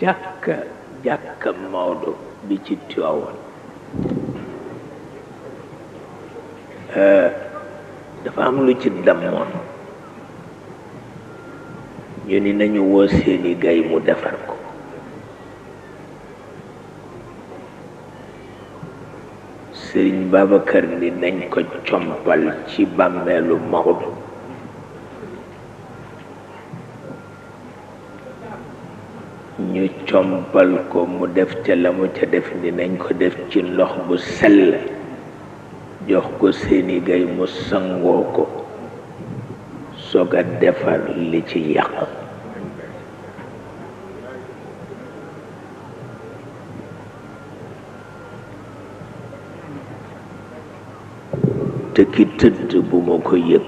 jàkka jàkka Maodo bi ci Tiwaawan euh, dafa am lu ci dammoon ñu ni nañu woo seeni gay mu defar ko Sëriñ Babacar ni nañ ko compal ci bàmmeelu Maodo ñu compal ko mu def ca la mu ca def dinañ ko def ci ndox bu sell jox ko seeni gay mu sangoo ko sog a defar li ci yàq te ki tëdd bu ma ko yëg